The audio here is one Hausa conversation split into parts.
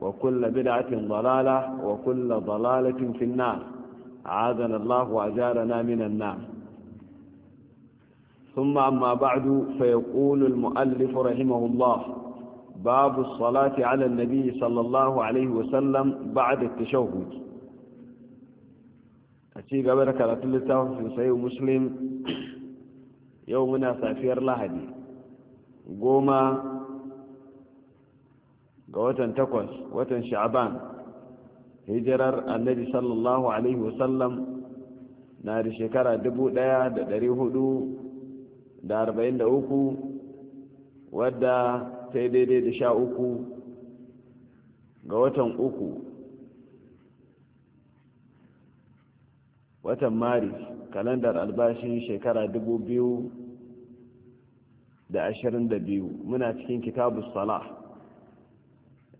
وكل بدعة ضلالة وكل ضلالة في النار عادنا الله وأجارنا من النار ثم أما بعد فيقول المؤلف رحمه الله باب الصلاة على النبي صلى الله عليه وسلم بعد التشهد أتي قبل كراتل في صحيح مسلم يومنا سافير لهدي قوما ga watan takwas watan sha'aban hijirar annabi sallallahu alaihi wasallam na da shekara uku wadda ta yi daidai da sha uku ga watan uku watan maris kalandar albashin shekara biyu muna cikin kitabu salah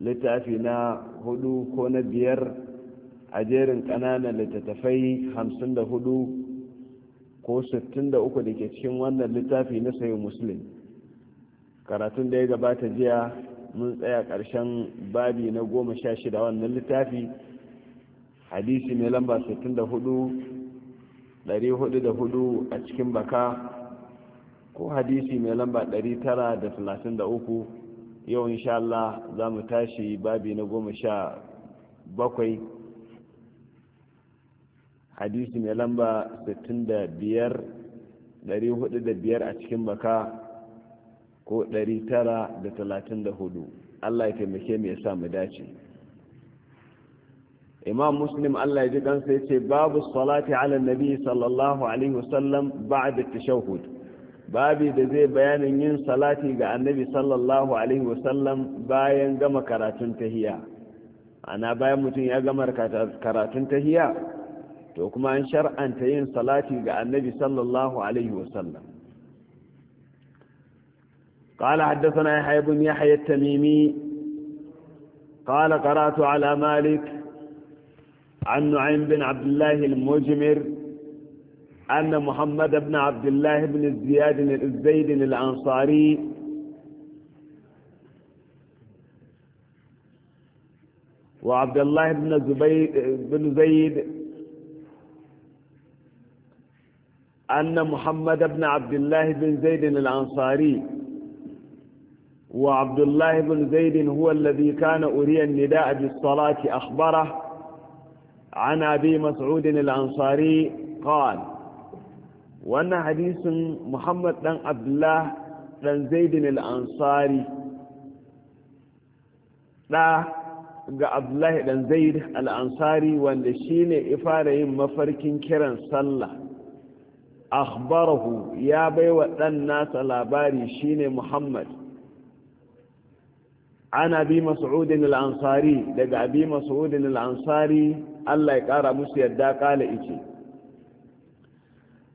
littafi na hudu ko na biyar a jerin ƙananan littattafai hamsin da hudu ko sittin da uku da ke cikin wannan littafi na sayo musulun karatun da ya gabata jiya mun tsaya ƙarshen babi na goma sha shida wannan littafi hadisi mai lamba sittin da hudu ɗari hudu da hudu a cikin baka ko hadisi mai lamba ɗari tara da talatin da uku yau insha Allah za mu tashi babi na goma sha bakwai hadisi mai lamba 65,405 a cikin baka ko 934 Allah ya taimake mu ya sa mu dace imam muslim Allah ya ji kansa ya ce babu salati ala nabi sallallahu alaihi wasallam ba'da tashahhud babi da zai bayanin yin salati ga annabi sallallahu alaihi wasallam bayan gama karatun tahiya ana bayan mutum ya gama karatun tahiya to kuma an shar'anta yin salati ga annabi sallallahu alaihi wasallam قال حدثنا يحيى بن يحيى التميمي قال قرأت على مالك عن نعيم بن عبد الله المجمر أن محمد بن عبد الله بن الزياد الزيد الأنصاري وعبد الله بن زبيد بن زيد أن محمد بن عبد الله بن زيد الأنصاري وعبد الله بن زيد هو الذي كان أري النداء بالصلاة أخبره عن أبي مسعود الأنصاري قال wannan hadisin muhammad dan abdullah dan zaidin al'ansari da ga abdullahi dan zaid al'ansari wanda shi ne ifara yin mafarkin kiran sallah akhbarahu ya bai wa nasa labari shi ne muhammad ana bi mas'udin al'ansari daga abi mas'udin al'ansari allah ya ƙara musu yadda ƙala ice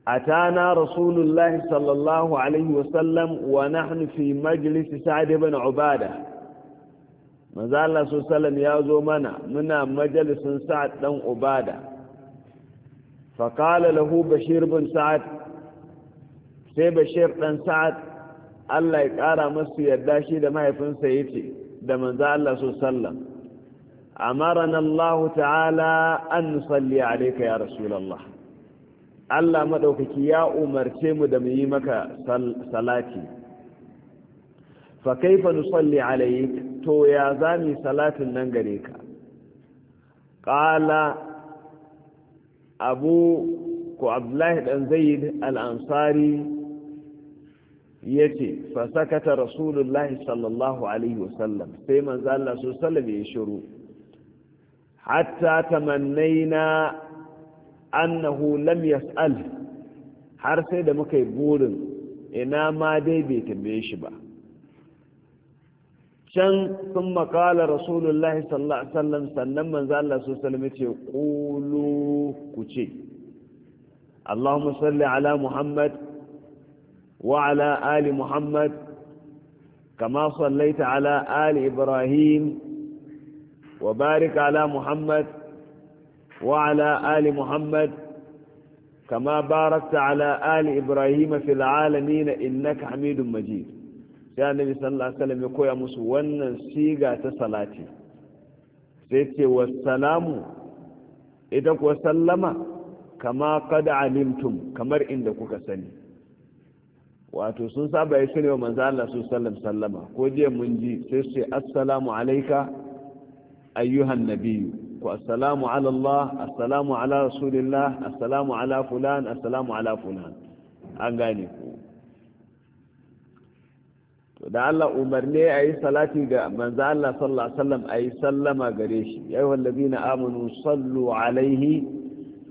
أتانا رسول الله صلى الله عليه وسلم ونحن في مجلس سعد بن عبادة ماذا الله صلى الله عليه وسلم يازو منا منا مجلس سعد بن عبادة فقال له بشير بن سعد سي بشير بن سعد الله يقارى مصر يداشي لما يفن سيتي ده ماذا الله صلى الله عليه وسلم أمرنا الله تعالى أن نصلي عليك يا رسول الله Allah maɗaukaki ya umarce mu da mu yi maka salati fa kaifa nusalli alayk to ya zami salatin nan gare ka qala abu ku abdullahi dan zaid al-ansari yace fa sakata rasulullahi sallallahu alaihi wasallam sai manzo Allah sallallahu alaihi wasallam ya shiru hatta tamannaina annahu lam yas'al har sai da muka yi burin ina ma dai bai tambaye shi ba can sun makala rasulullah sallallahu alaihi sannan manzo Allah su sallame ce qulu ku ce Allahumma salli ala Muhammad wa ala ali Muhammad kama sallaita ala ali Ibrahim wa barik ala Muhammad وعلى آل محمد كما باركت على آل إبراهيم في العالمين إنك حميد مجيد يا النبي صلى الله عليه وسلم يقول يا موسى وانا سيغا تسلاتي سيتي والسلام إذا وسلم كما قد علمتم كما عندك كسني wato sun saba ya shirya manzo Allah su sallam sallama ko je mun ji sai su assalamu alayka ayyuhan nabiyyu ku assalamu ala Allah assalamu ala rasulillah assalamu ala fulan assalamu ala fulan an gane ku to da Allah umarne a yi salati ga manzo Allah sallallahu alaihi wasallam a yi sallama gare shi ya ayyuhal ladina amanu sallu alaihi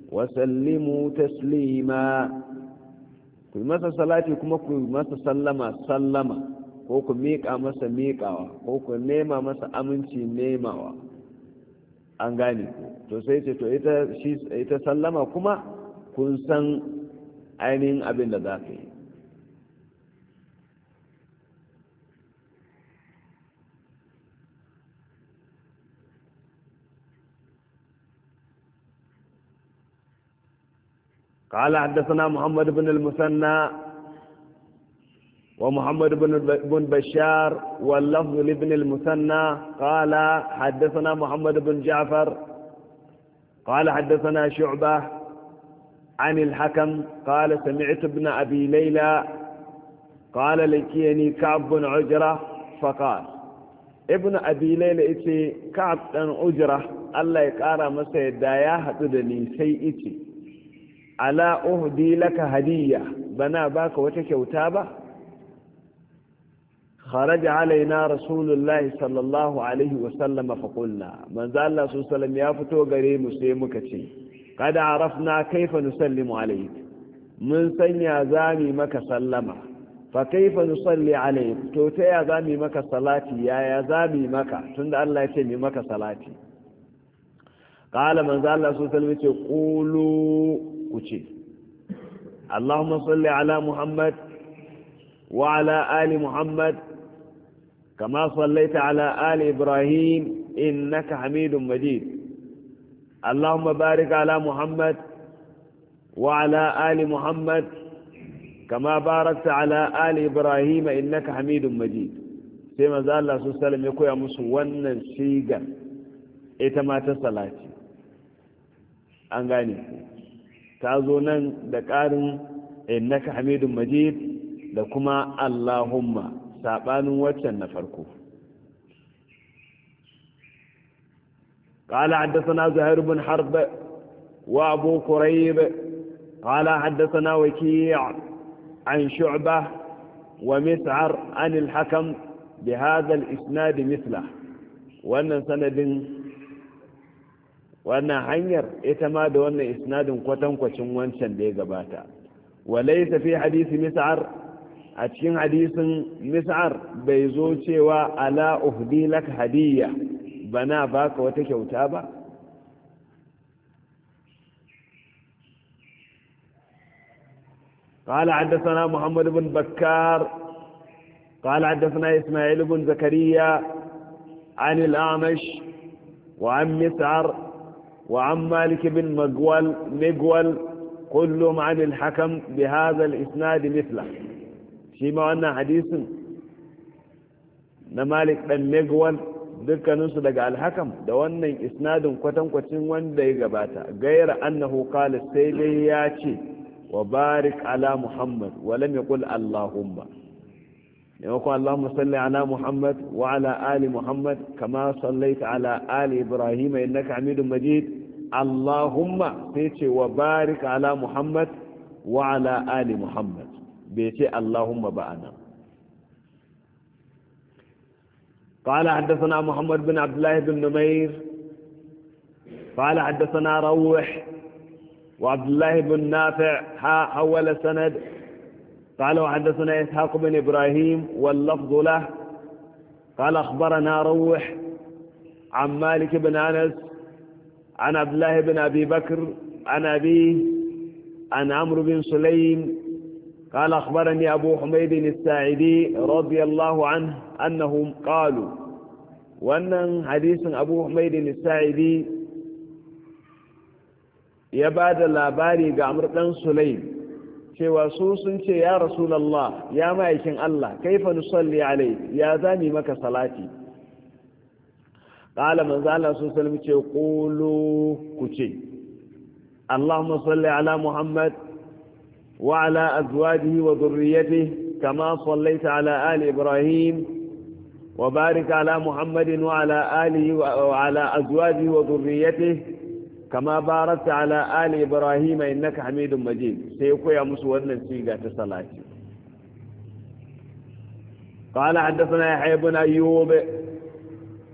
wa sallimu taslima ku masa salati kuma ku masa sallama sallama ko ku miƙa masa miƙawa ko ku nema masa aminci nemawa an gane to sai ce to ita sallama kuma kun san ainihin abin da za ka yi قال حدثنا محمد بن المثنى ومحمد بن بن بشار واللفظ لابن المثنى قال حدثنا محمد بن جعفر قال حدثنا شعبة عن الحكم قال سمعت ابن أبي ليلى قال لكيني كعب بن عجرة فقال ابن أبي ليلى إتي كعب بن عجرة الله يقارى مسيدا يا حددني سيئتي ألا أهدي لك هدية بنا باك وتكوتا به خرج علينا رسول الله صلى الله عليه وسلم فقلنا من ذا الله صلى الله عليه وسلم يفتو غريم سيمك قد عرفنا كيف نسلم عليك من سنيا زامي مك سلم فكيف نصلي عليك توتيا زامي مك صلاتي يا يا زامي مك تند الله يسمي مك صلاتي قال من ذا الله صلى الله عليه وسلم قولوا كتي اللهم صل على محمد وعلى آل محمد كما صليت على آل إبراهيم إنك حميد مجيد اللهم بارك على محمد وعلى آل محمد كما باركت على آل إبراهيم إنك حميد مجيد سيما ذا الله صلى الله عليه وسلم يقول يا مسوانا شيقا إتما تسلاتي an gane ta zo nan da ƙarin innaka hamidun majid da kuma allahumma saɓanin waccan na farko قال حدثنا زهير بن حرب وأبو كريب قال حدثنا وكيع عن شعبة ومسعر عن الحكم بهذا الإسناد مثله وأن سند وأن حنير إتماد وأن إسناد كوتن قتن وانشا ليقباتا وليس في حديث مسعر a cikin hadisin mis'ar bai zo cewa ala uhdi lak hadiyya bana baka wata kyauta ba قال حدثنا محمد بن بكار قال حدثنا إسماعيل بن زكريا عن الأعمش وعن مسعر وعن مالك بن مقول مقول كلهم عن الحكم بهذا الإسناد مثله Shima wannan hadisin na malik dan megwan dukkaninsu daga alhakam da wannan isnadin kwatankwacin wanda ya gabata gaira annahu qala sai dai ya ce wa barik ala muhammad wa lam yaqul allahumma yawqa allahumma salli ala muhammad wa ala ali muhammad kama sallaita ala ibrahim innaka hamidum majid allahumma sai ce wa barik ala muhammad wa ala ali muhammad bai ce Allahumma ba anan قال حدثنا محمد بن عبد الله بن نمير قال حدثنا روح وعبد الله بن نافع ها حول سند قال وحدثنا إسحاق بن إبراهيم واللفظ له قال أخبرنا روح عن مالك بن أنس عن عبد الله بن أبي بكر عن أبيه عن عمرو بن سليم قال أخبرني أبو حميد الساعدي رضي الله عنه أنهم قالوا وأن حديث أبو حميد الساعدي يبادى لاباري قامر بن سليم cewa su sun ce ya rasulallah ya ma'aikin Allah kaifa nusalli alai ya zami maka salati qala manzo Allah sun salmi ce qulu ku Allahumma salli ala Muhammad وعلى أزواجه وذريته كما صليت على آل إبراهيم وبارك على محمد وعلى آله وعلى أزواجه وذريته كما باركت على آل إبراهيم إنك حميد مجيد سيقول يا مسودنا سيقى صلاة قال حدثنا يحيى بن أيوب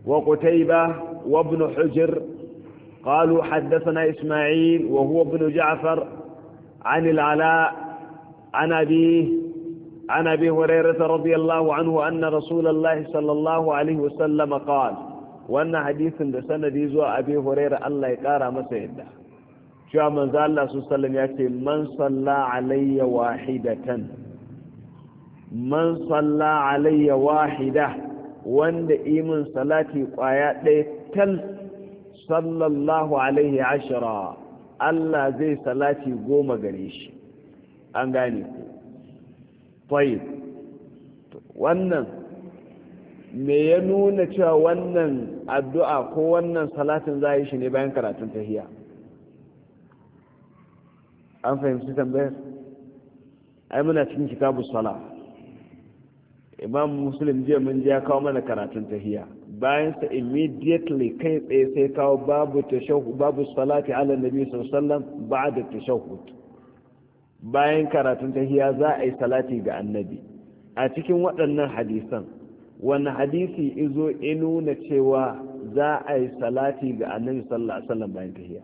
وقتيبة وابن حجر قالوا حدثنا إسماعيل وهو ابن جعفر عن العلاء عن أبيه عن أبي هريرة رضي الله عنه أن رسول الله صلى الله عليه وسلم قال وأن حديث دسنة ديزوا أبي هريرة الله يقارى مسيدة شو من ذا الله صلى الله عليه وسلم من صلى علي واحدة من صلى علي واحدة وأن إيمان صلاتي قايات ليتل صلى الله عليه عشرة Allah zai salati goma gare shi an gane ku fayil wannan me ya nuna cewa wannan addu'a ko wannan salatin za a yi shi ne bayan karatun tahiya an fahimci tambayar ai muna cikin kitabu sala imam musulun jiya mun ji ya kawo mana karatun tahiya bayansa immediately kai tsaye sai kawo babu tashahud babu salati ala nabi sallallahu alaihi wasallam ba'da bayan karatun tahiya za a yi salati ga annabi a cikin waɗannan hadisan wani hadisi izo ya nuna cewa za a yi salati ga annabi sallallahu alaihi wasallam bayan tahiyya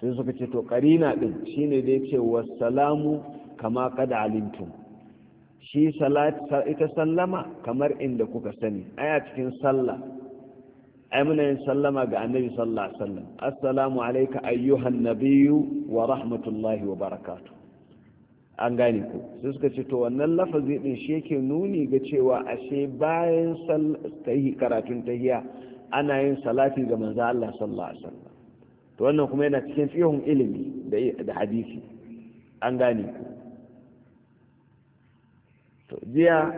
sai suka ce to karina din shine da yake wassalamu kama kada alimtum shi ita sallama kamar inda kuka sani Aya cikin sallah ai muna yin sallama ga annabi sallah sallam assalamu alaika ayyuhan nabiyu wa rahmatullahi wa barakatu. an gane ku sai suka ce to wannan lafazi din shi yake nuni ga cewa ashe bayan karatun karatun tahiya ana yin salati ga manzo Allah sallallahu alaihi wasallam to wannan kuma yana cikin fihun ilimi da hadisi an gane ku to jiya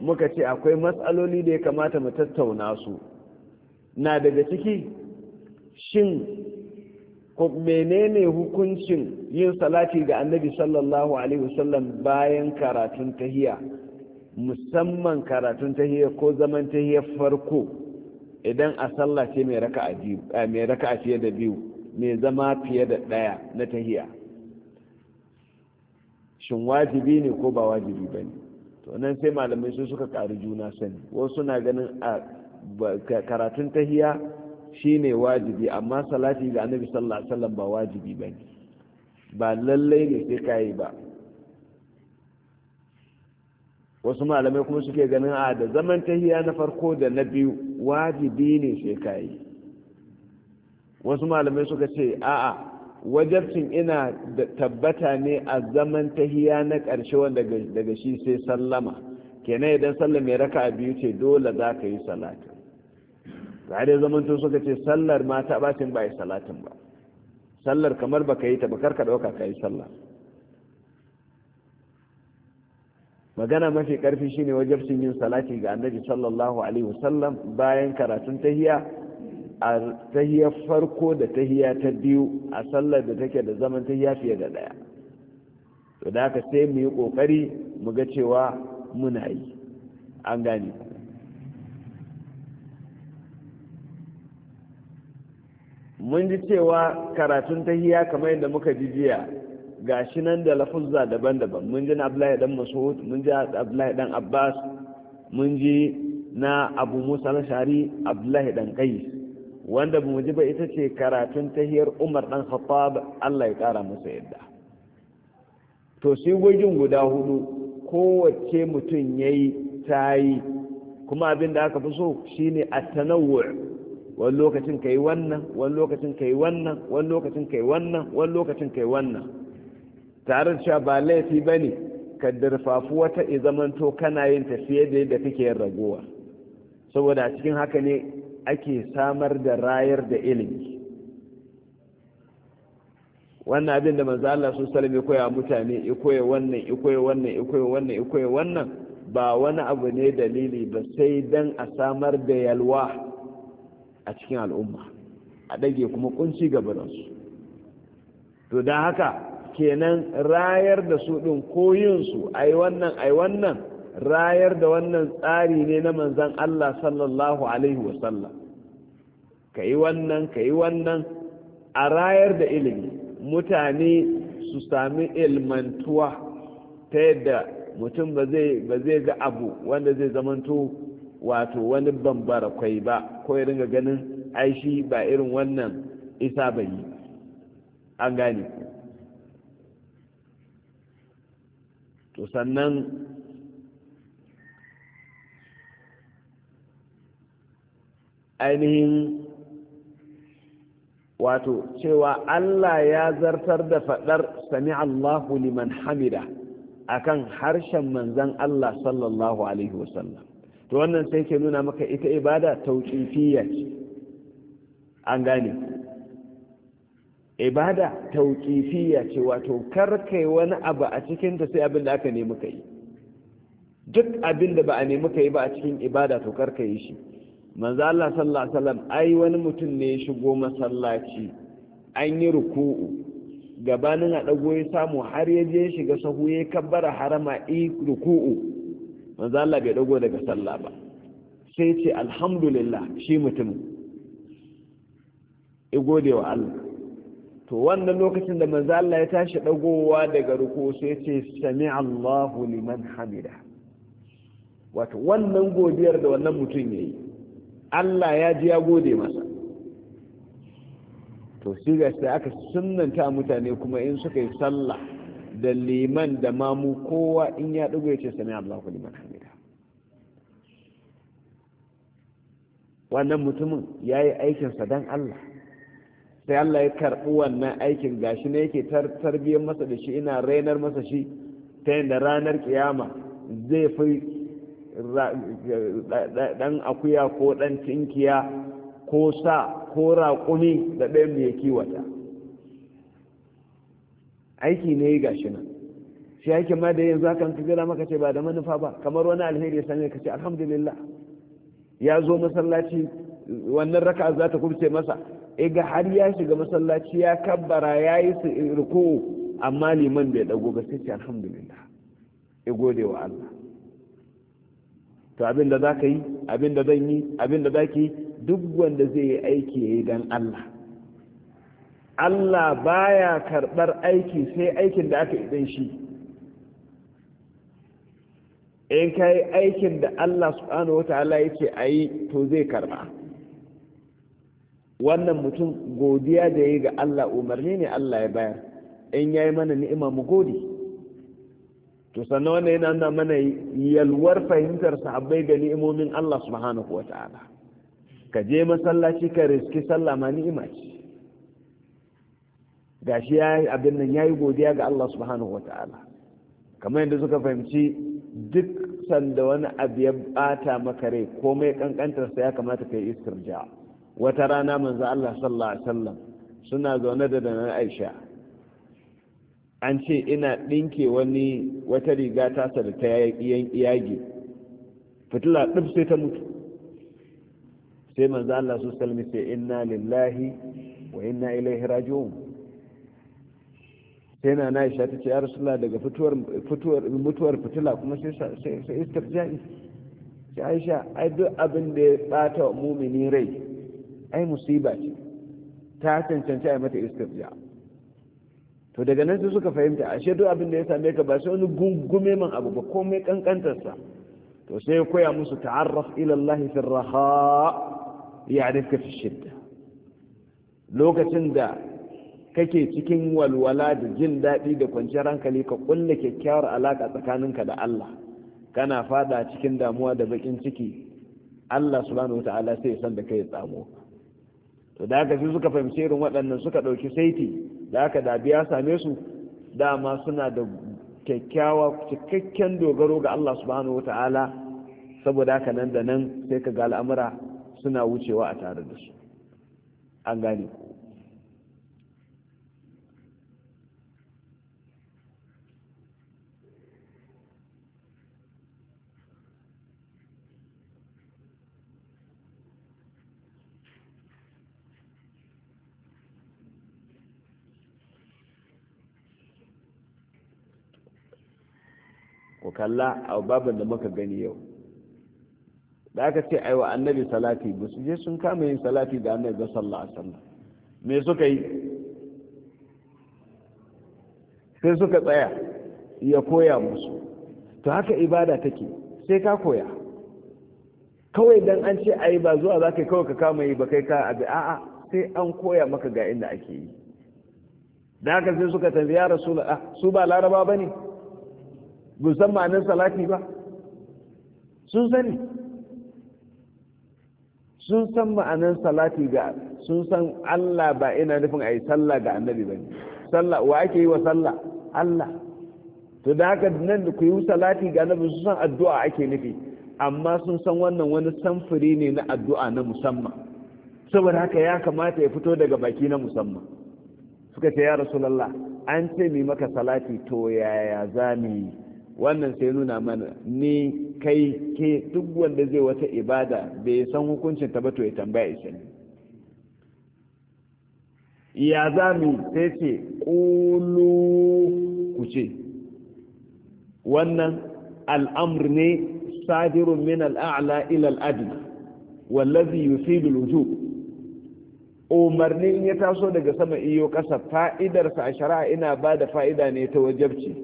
muka ce akwai matsaloli da ya kamata mu tattauna su na daga ciki shin ko menene hukuncin yin salati ga annabi sallallahu alaihi wasallam bayan karatun tahiya musamman karatun tahiya ko zaman tahiyya farko idan a sallah ce mai raka'a fiye da biyu mai zama fiye da ɗaya na tahiya shin wajibi ne ko ba wajibi bane to nan sai malamai su suka ƙari juna sani wasu na ganin a karatun tahiya shine wajibi amma salati ga annabi sallallahu alaihi wasallam ba wajibi ba ne, ba lallai ne sai kai ba wasu malamai kuma suke ganin a da zaman tahiya na farko da na biyu wajibi ne sai kai wasu malamai suka ce a'a wajabcin ina tabbata ne a zaman tahiya na ƙarshe wanda daga shi sai sallama kenan idan sallar ya raka a biyu ce dole za ka yi salatu ga dai tun suka ce sallar ma ta bacin ba yi salatin ba sallar kamar ba ka yi ta bakar ka ɗauka ka yi sallar magana mafi ƙarfi shine wajabcin yin salati ga annabi sallallahu alaihi wasallam bayan karatun tahiya a tahiyar farko da tahiya ta biyu a sallar da take da zaman tahiya fiye da daya to da ka sai mu yi kokari mu ga cewa muna yi an gane mun ji cewa karatun tahiya kamar yadda muka ji jiya shi nan da lafuzza daban-daban mun ji na abdullahi dan masud mun ji abdullahi dan abbas mun ji na abu musa al-shari abdullahi dan qais wanda ba mu ji ba ita ce karatun tahiyar umar dan khattab Allah ya kara masa yadda to gogin guda hudu kowace mutum yayi tayi kuma abin da aka fi so shine at-tanawwu wani lokacin kai wannan wani lokacin kai wannan wani lokacin kai wannan wani lokacin kai wannan tare da cewa ba laifi bane ka dirfafu wata i to kana yin tafiye da yadda kake yin ragowa saboda a cikin haka ne ake samar da rayar da ilimi wannan abin da manzo Allah sun salame koya mutane koya wannan koya wannan koya wannan koya wannan ba wani abu ne dalili ba sai dan a samar da yalwa a cikin al'umma a dage kuma kunci ga su to don haka kenan rayar da su ɗin su ai wannan ai wannan rayar da wannan tsari ne na manzan Allah sallallahu alaihi wasallam ka yi wannan ka yi wannan a rayar da ilimi mutane su sami ilmantuwa ta yadda mutum ba zai ga abu wanda zai zamanto wato wani bambara kwai ba ko ringa ganin aishi ba irin wannan isa bai yi an gane to sannan ainihin wato cewa Allah ya zartar da faɗar sami Allahu liman hamida akan harshen manzan Allah sallallahu alaihi wasallam to wannan sai ke nuna maka ita ibada tauƙifiyya ce an gane ibada tauƙifiyya ce wato karkai wani abu a cikinta sai abin da aka nemi ka yi duk abin da ba a nemi ka yi ba a cikin ibada to karkai shi manzo Allah sallallahu alaihi wasallam ai wani mutum ne ya shigo masallaci an yi ruku'u gabanin a dago ya samu har ya je shiga sahu ya kabbara harama i ruku'u manzo Allah bai dago daga sallah ba sai ce alhamdulillah shi mutum ya gode wa Allah to wannan lokacin da manzo Allah ya tashi dagowa daga ruku'u sai ce sami Allahu liman hamida wato wannan godiyar da wannan mutum yayi Allah ya ji ya gode masa to shi ga sai aka sunnanta mutane kuma in suka yi sallah da liman da mamu kowa in ya ɗigo ya ce sami Allahu liman hamida wannan mutumin ya yi aikinsa don Allah sai Allah ya karɓi wannan aikin ga shi ne yake tarbiyyar masa da shi ina rainar masa shi ta yadda ranar ƙiyama zai fi ɗan akuya ko ɗan tinkiya ko sa ko raƙumi da ɗayan mai kiwata aiki ne ga shi nan shi aikin ma da yanzu hakan kagira maka ce ba da manufa ba kamar wani alheri ya sanya ka ce alhamdulillah ya zo masallaci wannan raka za ta kubce masa e ga har ya shiga masallaci ya kabbara ya yi ruku amma liman bai dago ba sai ce alhamdulillah e gode wa Allah to abin da za ka yi abin da zan yi abin da za ki yi duk wanda zai yi aiki ya yi don Allah Allah baya karɓar aiki sai aikin da aka idan shi in ka yi aikin da Allah subhanahu wata'ala ya ce a yi to zai karɓa wannan mutum godiya da ya yi ga Allah umarni ne Allah ya bayar in ya yi mana ni'ima mu gode to sannan wanda yana nuna mana yalwar fahimtar sahabbai ga ni'imomin Allah subhanahu wata'ala ka je masallaci ka riski sallah ma ni'ima ce gashi yi abin nan ya yi godiya ga Allah subhanahu wata'ala kamar yadda suka fahimci duk sanda wani abu ya bata maka rai komai kankantar sa ya kamata kai istirja wata rana manzo Allah sallallahu alaihi wasallam suna zaune da dana Aisha an ce ina ɗinke wani wata riga tasa da ta yage fitila ɗin sai ta mutu sai manzo Allah su salmi sai inna lillahi wa inna ilaihi raji'un sai na Aisha ta ce ya Rasulullah daga fituwar fituwar mutuwar fitila kuma sai sai istirja'i sai Aisha ai duk abin da ya bata mu'mini rai ai musiba ce ta cancanci ai mata istirja'i to daga nan su suka fahimta ashe duk abin da ya same ka ba sai wani gungume man abu ba komai kankantarsa to sai ya koya musu ta'arraf ila Allah fi raha ya'rifka fi shidda lokacin da kake cikin walwala da jin daɗi da kwanciyar hankali ka kulle kyakkyawar alaka tsakaninka da Allah kana fada cikin damuwa da bakin ciki Allah subhanahu wata'ala sai ya san da kai ya tsamo to da haka sai suka fahimci irin waɗannan suka ɗauki saiti da haka da biya same su dama suna da kyakkyawa cikakken dogaro ga Allah subhanahu wata'ala saboda haka nan da nan sai ka ga al'amura suna wucewa a tare da su an gane ku kalla a babin da muka gani yau da aka ce aiwa annabi salati ba su je sun kama yin salati da annabi ba sallah a sallah me suka yi sai suka tsaya ya koya musu to haka ibada take sai ka koya kawai dan an ce ayi ba zuwa za ka kawai ka kama yi ba kai ka abi a'a sai an koya maka ga inda ake yi da haka sai suka tambaya rasul su ba laraba ba ne gusan san salati ba sun sani sun san ma'anin salati ga sun san Allah ba ina nufin a yi sallah ga annabi ba sallah wa ake yi wa sallah Allah to da haka nan da ku yi salati ga annabi sun san addu'a ake nufi amma sun san wannan wani samfuri ne na addu'a na musamman saboda haka ya kamata ya fito daga baki na musamman suka ce ya rasulallah an ce mai maka salati to yaya za mu yi wannan sai nuna mana ni kai ke duk wanda zai wata ibada bai san hukuncin ta ba to ya tambaya ya ne ya za mu sai ce ƙulu ku ce wannan al'amur ne sadirun min al'a'la ilal adi wallazi yusidu luju umarni in ya taso daga sama iyo ƙasa fa'idarsa a shari'a ina ba da fa'ida ne ta wajabci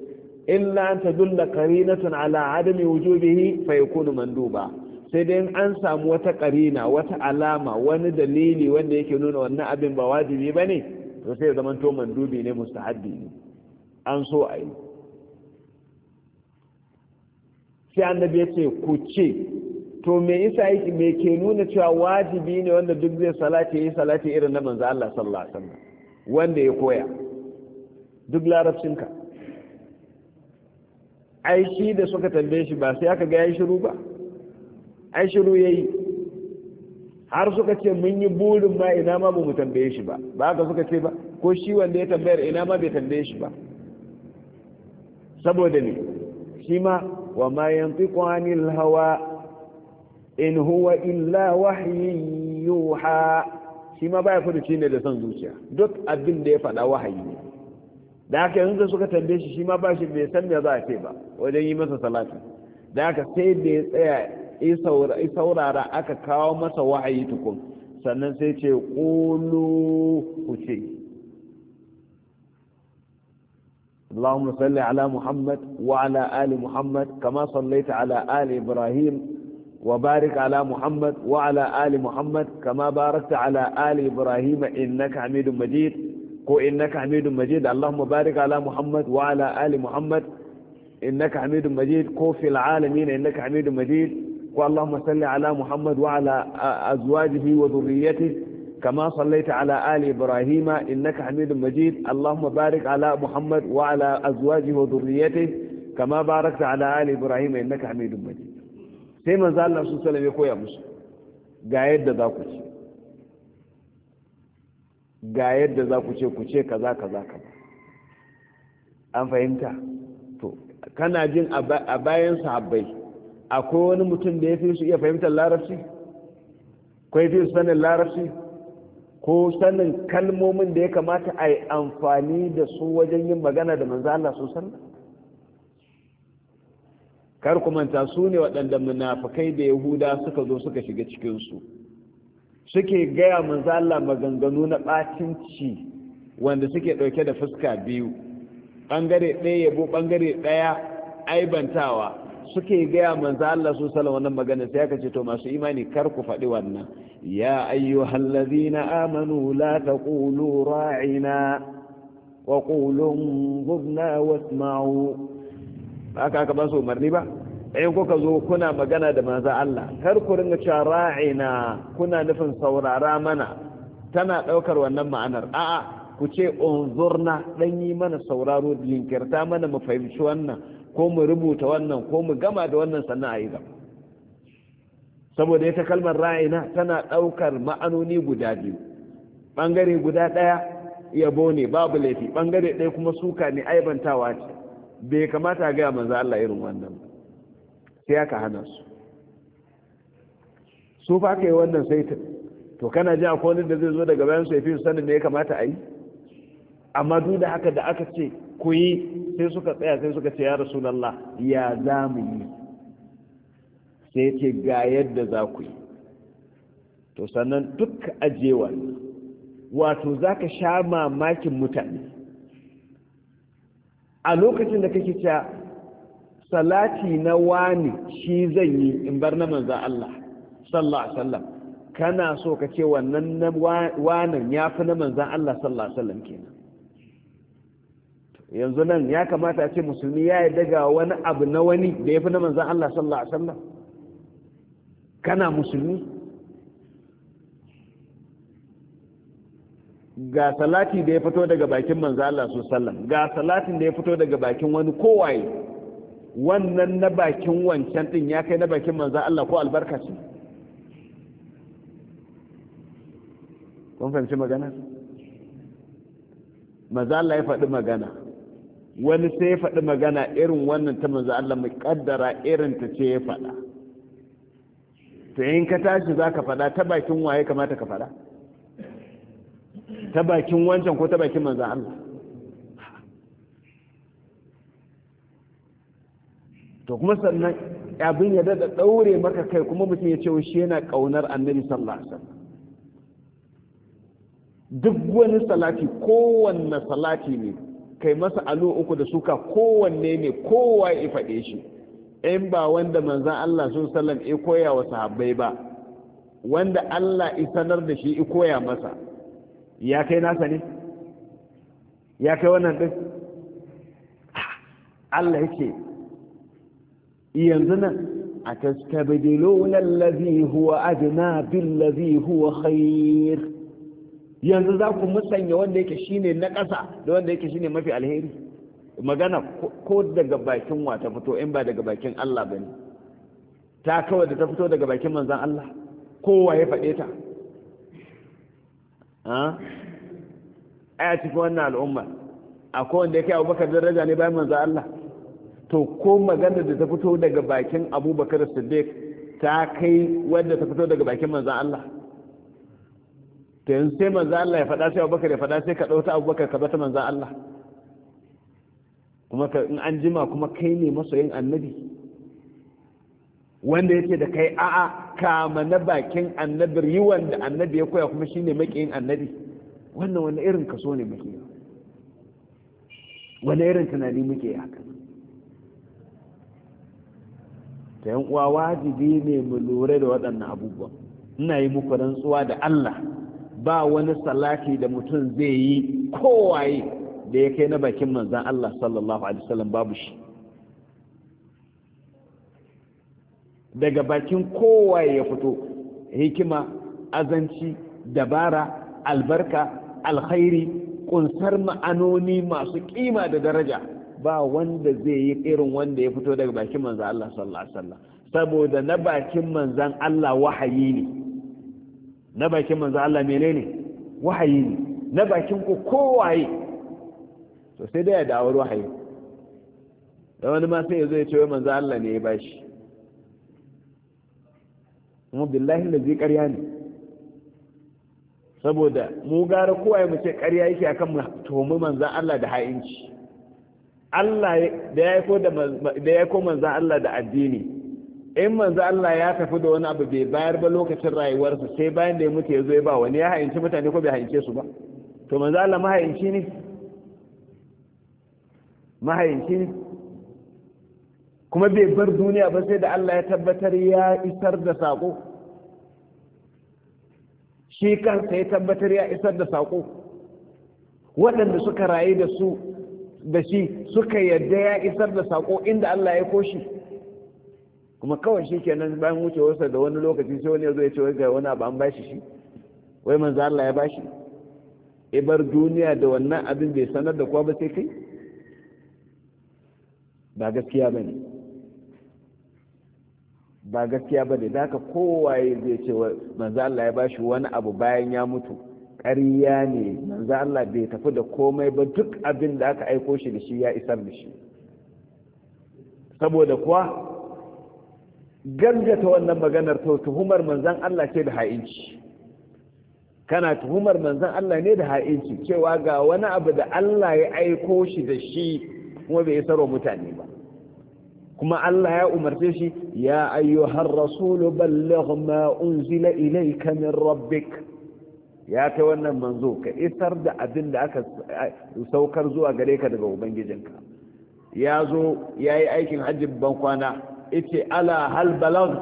illa an tadulla qarinatun ala adami wujubihi fa yakunu manduba sai dai an samu wata karina wata alama wani dalili wanda yake nuna wannan abin ba wajibi bane to sai zaman to mandubi ne mustahabbi ne an so a yi sai annabi ya ce ku ce to me yasa yake me ke nuna cewa wajibi ne wanda duk zai salati yi salati irin na manzo Allah sallallahu alaihi wasallam wanda ya koya duk larabcinka ai shi da suka tambaye shi ba sai aka ga yayi shiru ba ai shiru yayi har suka ce mun yi burin ma ina ma ba mu tambaye shi ba ba haka suka ce ba ko shi wanda ya tambayar ina ma bai tambaye shi ba saboda ne shi ma wa ma yantiqu anil hawa in huwa illa wahyi yuha shi ma baya furuci ne da son zuciya duk abin da ya faɗa wahayi ne da haka yanzu suka tambaye shi shi ma ba shi bai san me za a ce ba wajen yi masa salati da haka sai da ya tsaya i saurara aka kawo masa wahayi tukun sannan sai ce ƙulu ku ce اللهم صل على محمد وعلى آل محمد كما صليت على آل إبراهيم وبارك على محمد وعلى آل محمد كما باركت على آل إبراهيم إنك حميد مجيد ko innaka hamidun majid allahumma barik ala muhammad wa ala ali muhammad innaka hamidun majid ko fil alamin innaka hamidun majid ko allahumma salli ala muhammad wa ala azwajihi wa dhurriyyatihi كما صليت على آل إبراهيم إنك ala مجيد اللهم ala على wa وعلى أزواجه وذريته كما باركت على آل إبراهيم إنك حميد مجيد سيما زال الله صلى الله عليه وسلم يقول يا مسلم قاعد ذاكوش ga yadda za ku ce ku ce kaza kaza kaza an fahimta to kana jin a bayan sahabbai akwai wani mutum da ya fi su iya fahimtar larabci ko ya fi su sanin larabci ko sanin kalmomin da ya kamata a yi amfani da su wajen yin magana da manzo Allah su sanna kar ku manta su ne waɗanda munafukai da yahuda suka zo suka shiga cikinsu suke gaya manzo Allah maganganu na batinci wanda suke ɗauke da fuska biyu bangare ɗaya yabo bangare ɗaya aibantawa suke gaya manzo Allah su sallallahu wannan magana sai aka ce to masu imani kar ku faɗi wannan ya ayyuhallazina amanu la taqulu ra'ina wa qulu anzurna wasma'u aka aka ba su umarni ba in kuka zo kuna magana da manzo Allah kar ku ringa cewa ra'ina kuna nufin saurara mana tana daukar wannan ma'anar a'a ku ce unzurna dan yi mana sauraro linkirta mana mu fahimci wannan ko mu rubuta wannan ko mu gama da wannan sannan a yi saboda ita kalmar ra'ina tana daukar ma'anoni guda biyu bangare guda ɗaya yabo ne babu laifi bangare ɗaya kuma suka ne aibantawa ce bai kamata ga manzo Allah irin wannan ba sai aka hana su su fa ka yi wannan saitin to kana ji akwai wani da zai zo daga bayan su ya fi sanin me ya kamata a yi amma duk da haka da aka ce ku yi sai suka tsaya sai suka ce ya rasulallah ya za mu yi sai ce ga yadda za ku yi to sannan duk ajewa wato za ka sha mamakin mutane a lokacin da kake cewa salati na wani shi zan yi in bar na manzan Allah sallallahu alaihi wasallam kana so ka ce wannan na wanan ya fi na manzan Allah sallallahu alaihi wasallam kenan yanzu nan ya kamata ce musulmi ya yarda ga wani abu na wani da ya fi na manzan Allah sallallahu alaihi wasallam kana musulmi ga salati da ya fito daga bakin manzo Allah sallallahu alaihi wasallam ga salatin da ya fito daga bakin wani kowaye wannan na bakin wancan din ya kai na bakin manzan Allah ko albarka ce kun fahimci magana manzan Allah ya faɗi magana wani sai ya faɗi magana irin wannan ta manzan Allah mai ƙaddara irin ta ce ya faɗa to in ka tashi za ka faɗa ta bakin waye kamata ka faɗa ta bakin wancan ko ta bakin manzan Allah to kuma sannan abin ya dada daure maka kai kuma mutum ya ce shi yana kaunar annabi sallallahu alaihi wasallam duk wani salati kowanne salati ne kai masa alo uku da suka kowanne ne kowa ya faɗe shi in ba wanda manzan Allah sun sallam ya koya wa sahabbai ba wanda Allah ya sanar da shi ya koya masa ya kai nasa ne ya kai wannan din ah, Allah yake yanzu nan a tastabdiluna allazi huwa adna billazi huwa khair yanzu za ku musanya wanda yake shine na ƙasa da wanda yake shine mafi alheri magana ko daga bakin wa ta fito in ba daga bakin Allah bane ta kawai da ta fito daga bakin manzon Allah kowa ya faɗe ta a cikin wannan al'umma akwai wanda ya abubakar daraja ne bayan manzon Allah to ko maganar da ta fito daga bakin abubakar siddiq ta kai wadda ta fito daga bakin manzan Allah to yin sai manzan Allah ya faɗa sai abubakar ya faɗa sai ka ɗauta abubakar ka bata manzan Allah kuma ka in an jima kuma kai ne masoyin annabi wanda yake da kai a'a kama na bakin annabir yi wanda annabi ya koya kuma shine makiyin annabi wannan wani irin kaso ne muke wani irin tunani muke haka da yan uwa wajibi ne mu lura da waɗannan abubuwa ina yi muku rantsuwa da Allah ba wani salati da mutum zai yi kowaye da ya kai na bakin manzan Allah sallallahu alaihi wasallam babu shi daga bakin kowaye ya fito hikima azanci dabara albarka alkhairi kunsar ma'anoni masu kima da daraja ba wanda zai yi irin wanda ya fito daga bakin manzan Allah sallallahu alaihi wasallam saboda na bakin manzan Allah wahayi ne na bakin manzan Allah menene wahayi ne na bakin ku kowaye to sai dai ya dawo wahayi da wani ma sai ya zo ya ce wai manzan Allah ne ya bashi kuma billahi da zai ƙarya ne saboda mu gara kowaye mu ce ƙarya yake akan mu tuhumi manzan Allah da ha'inci Allah da ya ko da ya ko Allah da addini in manzo Allah ya tafi da wani abu bai bayar ba lokacin rayuwarsa sai bayan da ya mutu ya zo ya ba wani ya hainci mutane ko bai haince su ba to manzo Allah mahayinci ne mahayinci ne kuma bai bar duniya ba sai da Allah ya tabbatar ya isar da saƙo shi kansa ya tabbatar ya isar da saƙo waɗanda suka rayu da su da shi suka yadda ya isar da sako inda Allah ya koshi kuma kawai shi ke nan bayan wucewarsa da wani lokaci sai wani ya zo ya ce ga wani abu an bashi shi wai manzo Allah ya bashi ibar duniya da wannan abin bai sanar da kowa ba sai kai ba gaskiya ba ne ba gaskiya ba ne da haka kowaye zai ce manzo Allah ya bashi wani abu bayan ya mutu ƙarya ne manzo Allah bai tafi da komai ba duk abin da aka aiko shi da shi ya isar da shi saboda kuwa gaggata wannan maganar to tuhumar manzan Allah ce da ha'inci kana tuhumar manzan Allah ne da ha'inci cewa ga wani abu da Allah ya aiko shi da shi kuma bai sarwa mutane ba kuma Allah ya umarce shi ya ayyuhar rasulu ballagh ma unzila ilayka min rabbik ya kai wannan manzo ka isar da abin da aka saukar zuwa gare ka daga ubangijinka ya zo ya yi aikin hajji ban kwana ita ala hal balag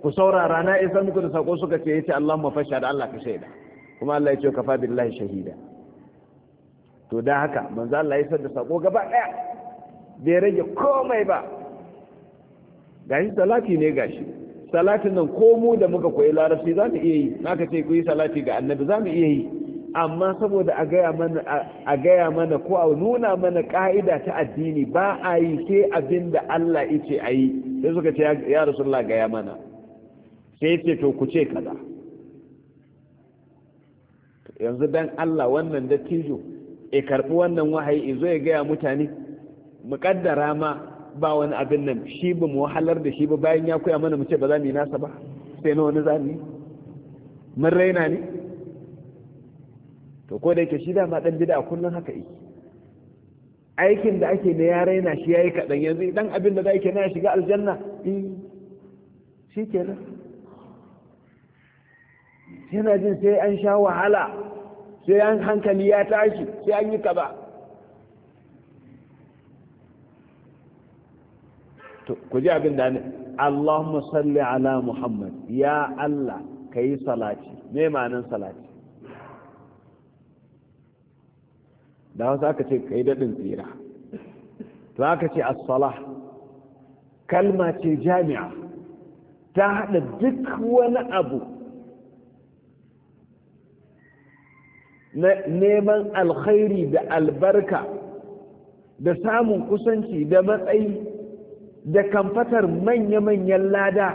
ku saurara na isar muku da sako suka ce yace Allah mafasha da Allah ka shaida kuma Allah ya ce kafa billahi shahida to da haka manzo Allah ya isar da sako gaba daya bai rage komai ba gashi talaki ne gashi salatin nan ko mu da muka koyi larabci za mu iya yi ka ce ku yi salati ga annabi za mu iya yi amma saboda a gaya mana ko a nuna mana ka'ida ta addini ba a yi sai abin da Allah ce a yi sai suka ce ya rasulullah gaya mana sai ce to ku ce kaza yanzu dan Allah wannan dattijo e karbi wannan wahayi zo ya gaya mutane muƙaddara ma ba wani abin nan shi ba mu wahalar da shi ba bayan ya koya mana mu ce ba za mu yi nasa ba sai na wani zamu mun raina ne to ko da yake shi dama dan bid'a kullun haka yi aikin da ake na ya raina shi yayi kadan yanzu dan abin da zai na shiga aljanna eh, shi kenan yana jin sai an sha wahala sai an hankali ya tashi sai an yi kaba. ku ji abin da ne Allahumma salli ala Muhammad ya Allah ka yi salati me ma'anin salati da wasu aka ce ka yi daɗin tsira to aka ce as-salah kalma ce jami'a ta haɗa duk wani abu neman alkhairi da albarka da samun kusanci da matsayi da kamfatar manya-manyan lada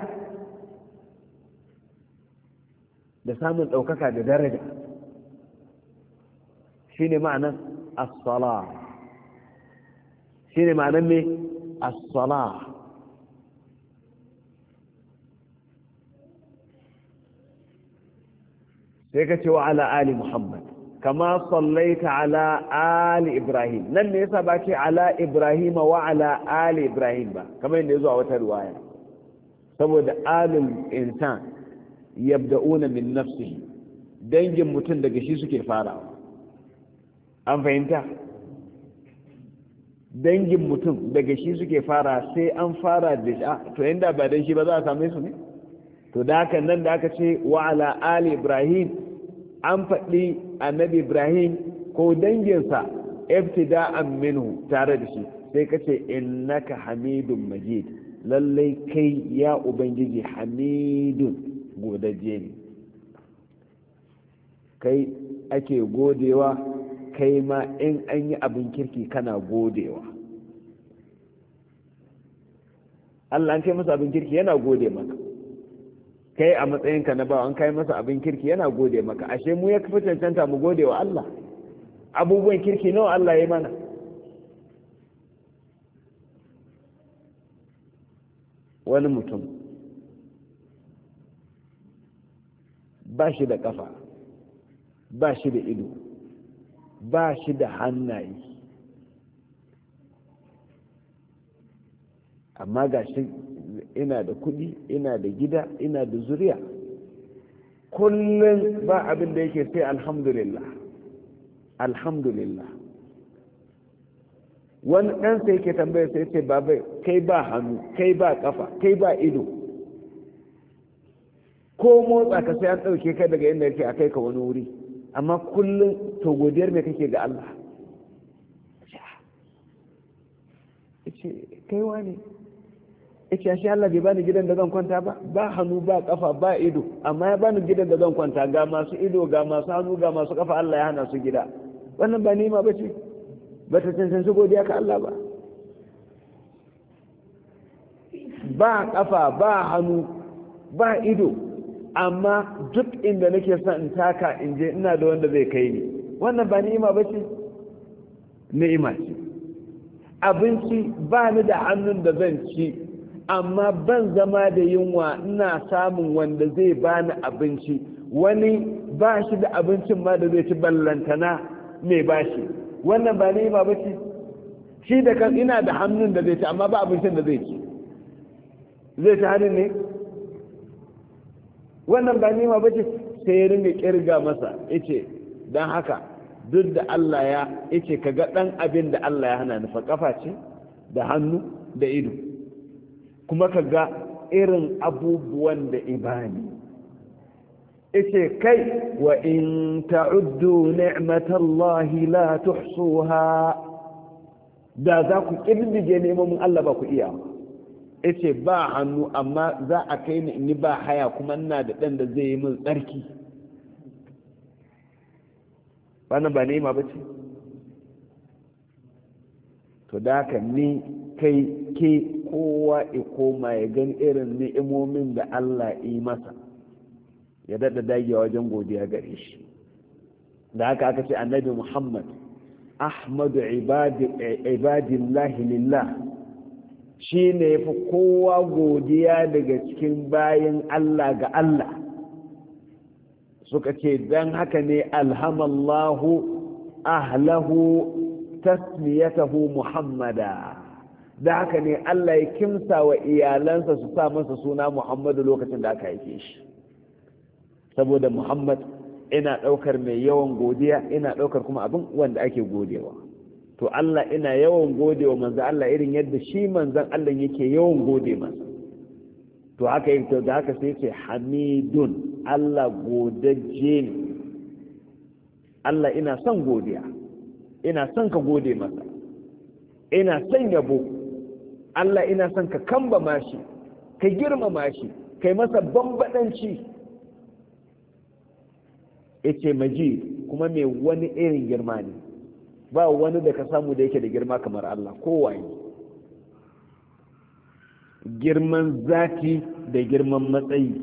da samun ɗaukaka da daraja shi ne ma'anar asala shi ne ma'anar mai asala sai ka ce wa ala ali muhammad kama sallaita ala ali ibrahim nan ne yasa ba ce ala ibrahim wa ala ali ibrahim ba kamar yadda ya zuwa wata riwaya saboda alul insan yabda'una min nafsihi dangin mutum daga shi suke farawa an fahimta dangin mutum daga shi suke fara sai an fara da ah, to inda ba dan shi ba za a same su ne to da haka nan da aka ce wa ala ali ibrahim an faɗi annabi ibrahim ko danginsa an minhu tare da shi sai kace ce innaka hamidun majid lallai kai ya ubangiji hamidun godaje ne kai ake godewa kai ma in an yi abin kirki kana godewa Allah an kai masa abin kirki yana gode maka kai a matsayinka na bawa an kai masa abin kirki yana gode maka ashe mu ya kafa cancanta mu gode wa Allah abubuwan kirki nawa Allah ya mana wani mutum ba shi da kafa ba shi da ido ba shi da hannaye amma ga shi ina da kuɗi ina da gida ina da zuriya kullum ba abin da yake sai alhamdulillah alhamdulillah wani ɗansa yake tambaya sai ce ba kai ba hannu kai ba kafa kai ba ido ko motsa ka sai an ɗauke ka daga inda yake a kai ka wani wuri amma kullum to godiyar mai kake ga Allah ce kaiwa ne yake ashe Allah bai bani gidan da zan kwanta ba ba hannu ba kafa ba ido amma ya bani gidan da zan kwanta ga masu ido ga masu hannu ga masu kafa Allah ya hana su gida wannan ba nema ba ce ba ta cancanci godiya ka Allah ba ba kafa ba hannu ba ido amma duk inda nake son in taka in je ina da wanda zai kai ni wannan ba ni'ima ba ce ni'ima ce abinci ba ni da hannun da zan ci amma ban zama da yunwa ina samun wanda zai bani abinci wani ba shi da abincin ma da zai ci ballantana mai bashi wannan ba ni'ima ba ce shi da kan ina da hannun da zai ci amma ba abincin da zai ci zai ci hannun ne wannan ba ma ba ce sai ya ringa kirga masa ce don haka duk da Allah ya ka ga dan abin da Allah ya hana nufa kafa ce da hannu da ido kuma ka ga irin abubuwan da ibani ice kai wa in ta'uddu ni'matallahi la tuhsuha da za ku kirdige neman Allah ba ku iya ice ba hannu amma za a kai ni ni ba haya kuma ina da dan da zai yi min tsarki wannan ba nema ba ce to da haka ni kai ke kowa ya koma ya gan irin ni'imomin da Allah yi masa ya daɗa dage wajen godiya gare shi da haka aka ce annabi muhammad ahmadu ibadillahi lillah shi ne ya fi kowa godiya daga cikin bayan allah ga allah suka ce don haka ne alhamallahu ahlahu tasmiyatahu muhammada da haka ne Allah ya kimsa wa iyalansa su sa masa suna Muhammadu lokacin da aka haife shi saboda Muhammad ina ɗaukar mai yawan godiya ina ɗaukar kuma abin wanda ake godewa to Allah ina yawan godewa manzo Allah irin yadda shi manzon Allah yake yawan gode masa to haka yin to da haka sai ce hamidun Allah godaje ne Allah ina son godiya ina son ka gode masa ina son yabo Allah ina son ka kamba mashi, ka girmama shi kai masa bambadanci yace maji kuma mai wani irin girma ne ba wani da ka samu da yake da girma kamar Allah kowaye girman zaki da girman matsayi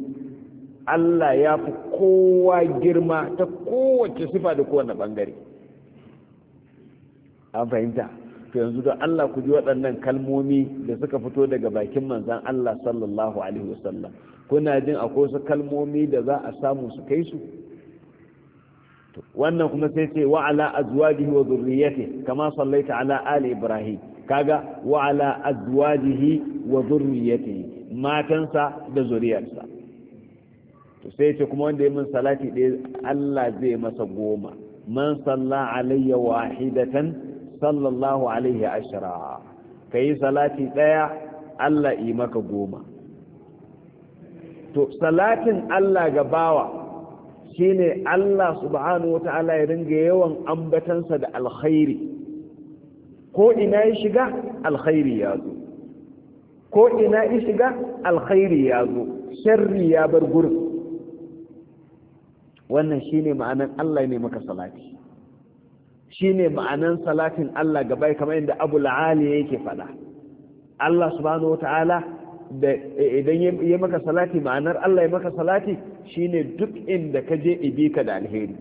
Allah ya fi kowa girma ta kowace sifa da kowane bangare an fahimta to yanzu don Allah ku ji waɗannan kalmomi da suka fito daga bakin manzan Allah sallallahu alaihi wasallam kuna jin akwai wasu kalmomi da za a samu su kai su wannan kuma sai ce wa ala azwajihi wa dhurriyyati kama sallaita ala ali ibrahim kaga wa ala azwajihi wa dhurriyyati matansa da zuriyarsa to sai ce kuma wanda ya min salati ɗaya Allah zai masa goma man salla alayya wahidatan sallallahu alaihi ashira ka yi salati ɗaya Allah yi maka goma to salatin Allah ga bawa shine Allah subhanahu wata'ala ya ringa yawan ambatansa da alkhairi ko ina ya shiga alkhairi ya zo ko ina ya shiga alkhairi ya zo sharri ya bar gurin wannan shine ma'anar Allah ne maka salati Shi ne ma'anan salatin Allah bai kamar inda Abu la'ali ya yake faɗa Allah subhanahu wata'ala ta'ala idan ya maka salati ma'anar Allah ya maka salati shine duk inda ka je ibika da alheri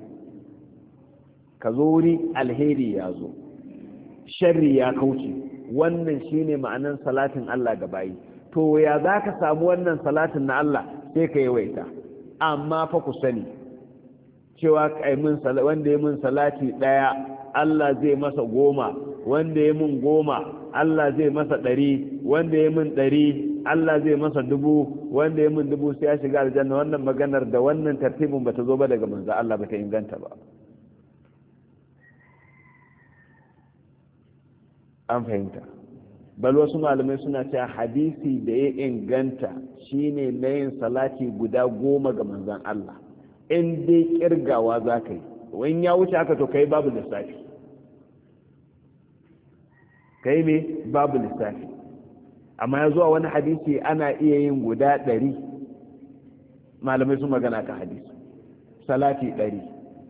ka zo wuri alheri ya zo sharri ya kauce wannan shi ne ma'anan salatin Allah ga yi to ya za ka samu wannan salatin na Allah sai ka yawaita amma fa ku sani cewa wanda ya min salati ɗaya Allah zai masa goma wanda ya mun goma Allah zai masa ɗari wanda ya mun ɗari Allah zai masa dubu wanda ya mun dubu sai ya shiga aljanna wannan maganar da wannan tartibin bata zo ba daga manzo Allah bata inganta ba an fahimta bal wasu malamai suna cewa hadisi da ya inganta shine na yin salati guda goma ga manzon Allah in dai kirgawa za ka yi wani ya wuce haka to kai babu lissafi kai ne babu lissafi amma ya zuwa wani hadisi ana iya yin guda ɗari malamai sun magana ka hadisi salati ɗari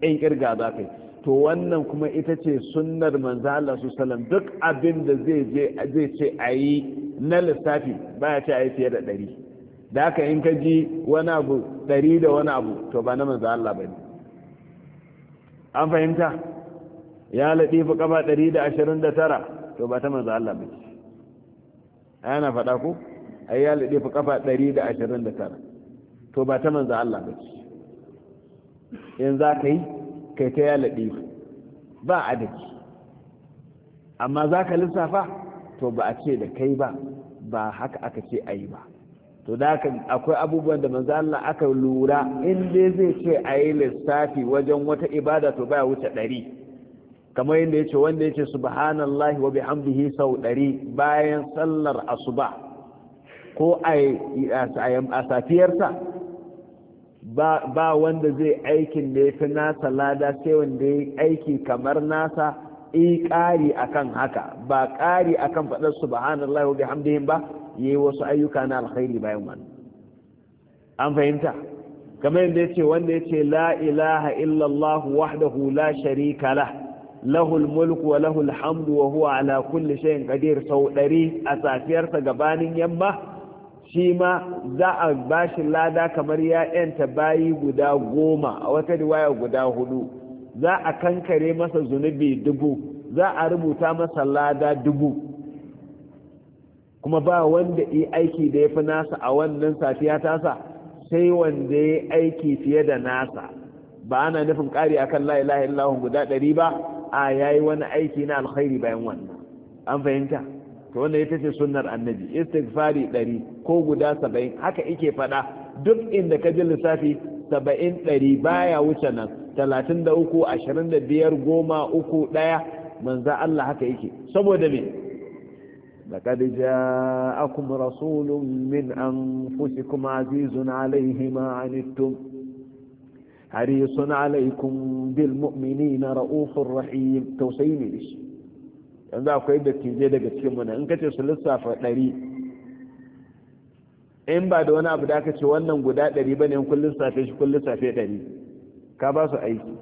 in kirga za ka to wannan kuma ita ce sunnar manzala su salam duk abin da zai ce a yi na lissafi ba ya ce a yi fiye da ɗari da aka in ka ji wani abu ɗari da wani abu to ba na manzala ba ne an fahimta ya latifu kafa 129 to ba ta manzo Allah ba ce ana faɗa ku ai ya latifu kafa 129 to ba ta manzo Allah ba in za ka yi kai ta ya latifu ba adadi amma za ka lissafa to ba a ce da kai ba ba haka aka ce a yi ba to da akwai abubuwan da manzo Allah aka lura in dai zai ce a yi lissafi wajen wata ibada to baya wuce ɗari kamar yadda ya ce wanda ya ce subhanallahi wa bihamdihi sau ɗari bayan sallar asuba ko a safiyarsa ba wanda zai aikin da ya fi nasa lada sai wanda ya aiki kamar nasa i ƙari akan haka ba ƙari akan faɗar subhanallahi wa bihamdihi ba yayi wasu ayyuka na alkhairi bayan wannan an fahimta kamar yadda yace wanda yace la ilaha illa Allah wahdahu la sharika la lahul mulku wa lahul hamdu wa huwa ala kulli shay'in qadir sau ɗari a safiyarsa gabanin yamma shi ma za a bashi lada kamar ya yanta bayi guda goma a wata riwaya guda hudu za a kankare masa zunubi dubu za a rubuta masa lada dubu kuma ba wanda yi aiki da ya fi nasa a wannan safiya tasa sai wanda ya aiki fiye da nasa ba ana nufin ƙari a kan la'ilaha illahun guda ɗari ba a ya yi wani aiki na alkhairi bayan wannan an fahimta to wanda ya tace sunnar annabi istighfari ɗari ko guda saba'in haka ike faɗa duk inda ka ji lissafi saba'in ɗari baya wuce nan talatin da uku ashirin da biyar goma uku ɗaya manza Allah haka yake saboda me لقد جاءكم رسول من أنفسكم عزيز عليه ما عنتم حريص عليكم بالمؤمنين رؤوف رحيم توسيني ليش yanzu akwai dattijai daga cikin mana in ka ce su lissafa ɗari in ba da wani abu da aka ce wannan guda ɗari ba ne in kun lissafe shi kun lissafe ɗari ka ba su aiki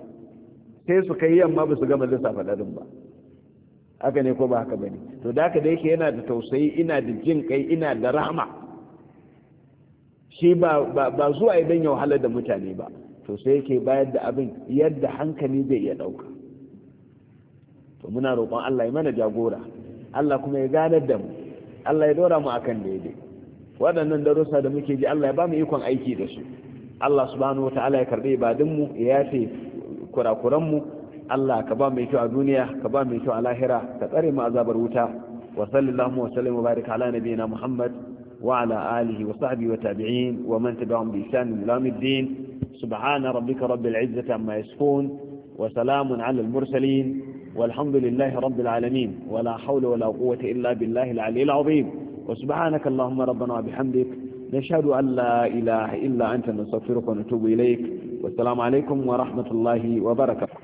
sai su kai yamma ba su gama lissafa ɗarin ba haka ne ko ba haka bane to da haka da yake yana da tausayi ina da jin kai ina da rahama shi ba ba zuwa idan ya wahala da mutane ba to sai yake bayar da abin yadda hankali zai iya dauka to muna roƙon Allah ya mana jagora Allah kuma ya ganar da mu Allah ya dora mu akan daidai waɗannan darussa da muke ji Allah ya ba mu ikon aiki da su Allah subhanahu wataala ya karbi ibadun mu ya yafe kurakuran mu Allah ka ba mai kyau a duniya ka ba mai kyau a lahira ka tsare mu azabar wuta wa sallallahu wa sallam wa baraka ala nabiyyina Muhammad wa ala alihi wa sahbihi wa tabi'in wa man tabi'ahum bi ihsan ila yawmiddin subhana rabbika rabbil izzati amma yasifun wa salamun ala al mursalin والحمد لله رب العالمين ولا حول ولا قوة إلا بالله العلي العظيم وسبحانك اللهم ربنا وبحمدك نشهد أن لا إله إلا أنت نستغفرك ونتوب إليك والسلام عليكم ورحمة الله وبركاته